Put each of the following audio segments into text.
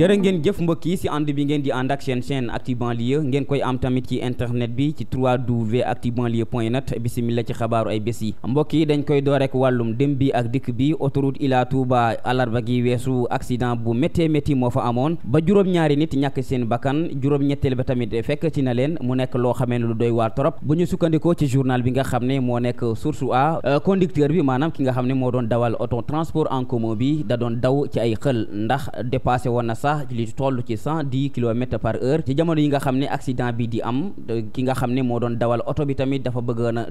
jërë ngeen jëf mbokk yi si ànd bi ngeen di ànd ak seen chaîne Actu Banlieue ngeen koy am tamit ci internet bi ci 3w actubanlieue point net bisimila ci xabaaru ay bés yi mbokk dañ koy door rek wàllum dem bi ak dikk bi autoroute Ila Touba àllarba gi weesu accident bu méttee métti moo fa amoon ba juróom-ñaari nit ñàkk seen bakkan juróom-ñetteel ba tamit fekk ci na leen mu nekk loo xamee ne lu doy waar trop bu ñu sukkandikoo ci journal bi nga xam ne moo nekk source a euh, conducteur bi maanaam ki nga xam ne moo doon dawal auto transport en commun bi da doon ndax dépassé woon sax li toll ci cent dix par heure ci jamono yi nga xam ne accident bi di am ki nga xam ne moo doon dawal oto bi tamit dafa bëggoon a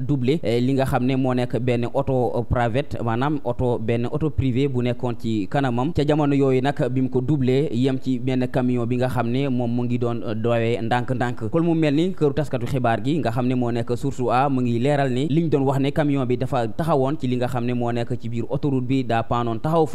eh, li nga xam ne moo nekk benn oto private maanaam oto benn oto privé bu nekkoon ci kanamam ca jamono yooyu nag bi mu ko doubler yem ci benn camion bi nga xam ne moom mu ngi doon doowee ndànk-ndànk kon mu mel ni këru taskatu xibaar gi nga xam ne moo nekk source a mu ngi leeral ni liñ doon wax ne camion bi dafa taxawoon ci li nga xam ne moo nekk ci biir autoroute bi daa paanoon taxaw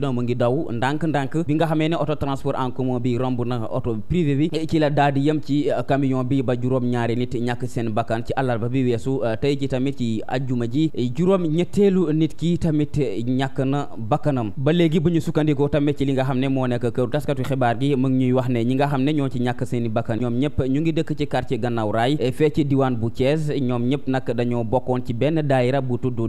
doon mu ngi daw ndànk-ndànk bi nga xamee ne auto transport en commun bi romb na auto privé bi ci la daal di yem ci euh, camion bi ba juróom ñaari nit ñàkk seen bakkan ci àllarba bi weesu euh, tey ji tamit ci ajjuma ji juróom ñetteelu nit ki tamit ñàkk na bakkanam ba léegi bu ñu sukkandikoo tamit ci li nga xam ne moo nekk këru taskatu xibaar gi mu ngi ñuy wax ne ñi nga xam ne ñoo ci ñàkk seen i bakkan ñoom ñëpp ñu ngi dëkk ci quartier gannaaw raay euh, fee ci diwaan bu Thiès ñëpp nag dañoo bokkoon ci benn daayira bu tudd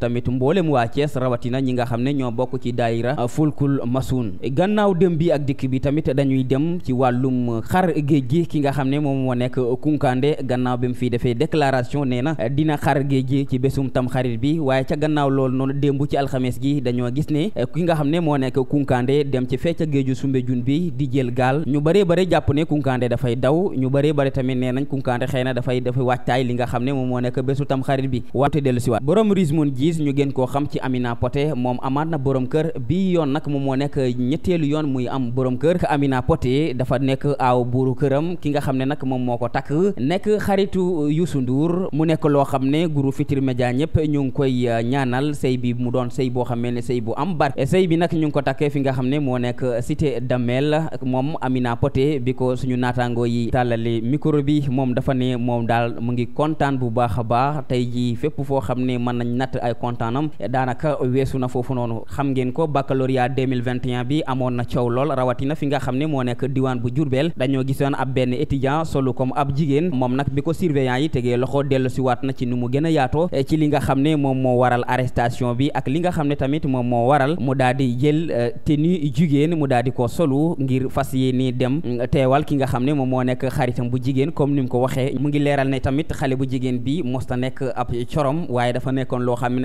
tamit mboolem waa Thiès rawatina ñi nga xam ne ñoo bokk ci daayira euh, fulkul masuun gannaaw dem bi ak dikk bi tamit dañuy dem ci wàllum xar géej gi ki nga xam ne moom moo nekk Kunkande gannaaw bi mu fi defee déclaration nee na dina xar géej gi ci bésum tam bi waaye ca gannaaw loolu noonu démb ci alxames gi dañoo gis ne euh, ki nga xam ne moo nekk Kunkande dem ci fecca géeju Soumbédioune bi di jël gaal ñu bëree bëri jàpp ne Kunkande dafay daw ñu bëree bëri tamit nee nañ Kunkande xëy na dafay dafay wàccaay li nga xam ne moom moo nekk bésu tam bi waate dellu si waat borom rismon ji Aziz ñu gën koo xam ci Amina Poté moom amaat na borom yoon nag moom moo nekk ñetteelu yoon muy am borom kër Amina Poté dafa nekk aaw buuru ki nga xam ne nag moom moo ko takk nekk xaritu Youssou Ndour mu nekk loo xam ne groupe Futurs Médias ñëpp ñu ngi koy euh, ñaanal sëy bi mu doon sëy boo xamee ne sëy bu am bar sëy bi nag ñu ngi ko takkee fi nga xam ne moo nekk cité Damel moom Amina Poté bi ko suñu naataango yi tàllali micro bi moom dafa ne moom daal mu ngi kontaan bu baax baax tey jii fépp foo xam ne mën natt ay kontaanam daanaka weesu na foofu noonu xam ngeen ko baccalauréat 2021 bi amoon na coow lool rawatina fi nga xam ne moo nekk diwaan bu jurbeel dañoo gisoon ab benn étudiant solu comme ab jigéen moom nag bi ko surveillant yi tegee loxo dellusiwaat na ci nu mu gën a ci li nga xam ne moom moo waral arrestation bi ak li nga xam ne tamit moom moo waral mu daal di jël euh, ni jigéen mu daal di ko solu ngir fas yéene dem euh, teewal ki nga xam ne moom moo nekk xaritam bu jigéen comme ni mu ko waxee mu ngi leeral ne tamit xale bu jigéen bi mosta nekk ab corom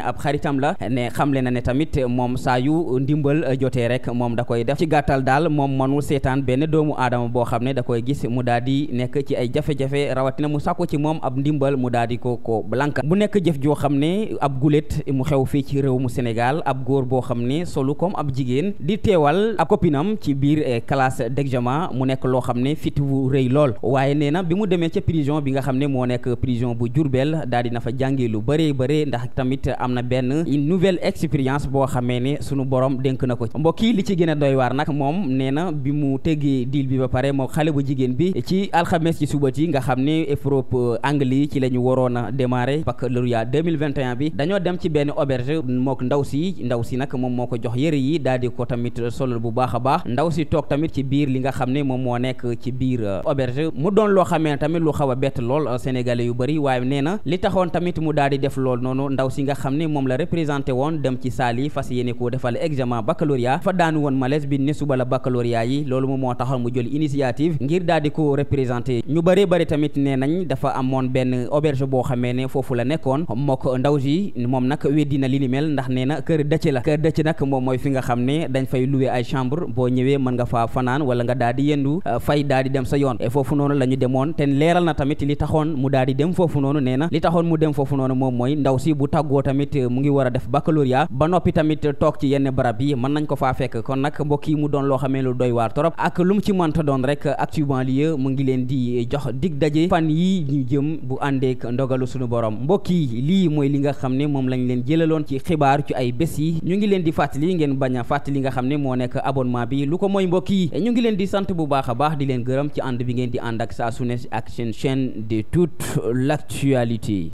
ab xaritam la ne xamle na ne tamit moom saa yu ndimbal jotee rek moom da koy def ci gàttal daal moom mënul seetaan benn doomu aadama boo xam ne da koy gis mu daal di nekk ci ay jafe-jafe rawatina mu sàkku ci moom ab ndimbal mu daal di ko ko blanka bu nekk jëf joo xam ne ab gulet mu xew fii ci réew mu Sénégal ab góor boo xam ne solu kom ab jigéen di teewal ab copinam ci biir eh, classe d'examen mu nekk loo xam ne fit wu rëy lool waaye nee na bi mu demee ca prison bi nga xam ne moo nekk prison bu Jurbel daal dina fa lu bëree bëri na benn une nouvelle expérience boo xamee ne sunu borom dénk na ko mbokk yi li ci gën a doy waar nag moom nee na bi mu tëggee deal bi ba pare moom xale bu jigéen bi ci alxames ci suba ci nga xam ne Europe euh, Anglais yi ci la ñu waroon a démarrer baccalauréat 2021 bi dañoo dem ci benn auberge mook ndaw si ndaw si nag moom moo ko jox yëre yi daal di ko tamit solol bu baax a baax ndaw si toog tamit ci biir li nga xam ne moom moo nekk ci biir euh, auberge mu doon loo xamee ne tamit lu xaw a bett lool euh, sénégalais yu bëri na li ni moom la représenté woon dem ci saal yi fas yéene koo defal examen baccalauréat fa daanu woon malaise bi ne suba la baccalauréat yi loolu moom moo taxal mu jël initiative ngir daal ko représenté ñu bëree bëri tamit nee dafa amoon benn auberge boo xamee ne foofu la nekkoon mook ndaw ji moom nag weddi na li ni mel ndax nee na kër dëcc la kër dëcc nak moom mooy fi nga xam ne dañ fay louer ay chambre boo ñëwee mën nga faa fanaan wala nga daal di yendu euh, fay daal di dem sa yoon foofu noonu la ñu demoon te leeral na tamit li taxoon mu daal di dem foofu noonu nee na li taxoon mu mu ngi war a def baccalauréat ba noppi tamit toog ci yenn barab yi mën nañ ko faa fekk kon nag mbokk yi mu doon loo xamee lu doy waar torop ak lu mu ci mënta doon rek Actu Banlieue mu ngi leen di jox dig daje fan yi ñu jëm bu àndeek ndogalu sunu borom mbokk yi lii mooy li nga xam ne moom lañ leen jëlaloon ci xibaar ci ay bés yi ñu ngi leen di fàttali ngeen bañ a fàttali nga xam ne moo nekk abonnement bi lu ko moy mbokk yi ñu ngi leen di sant bu baax di leen gërëm ci ànd bi ngeen di ànd ak saa su ne ak seen chaîne de toute l'actualité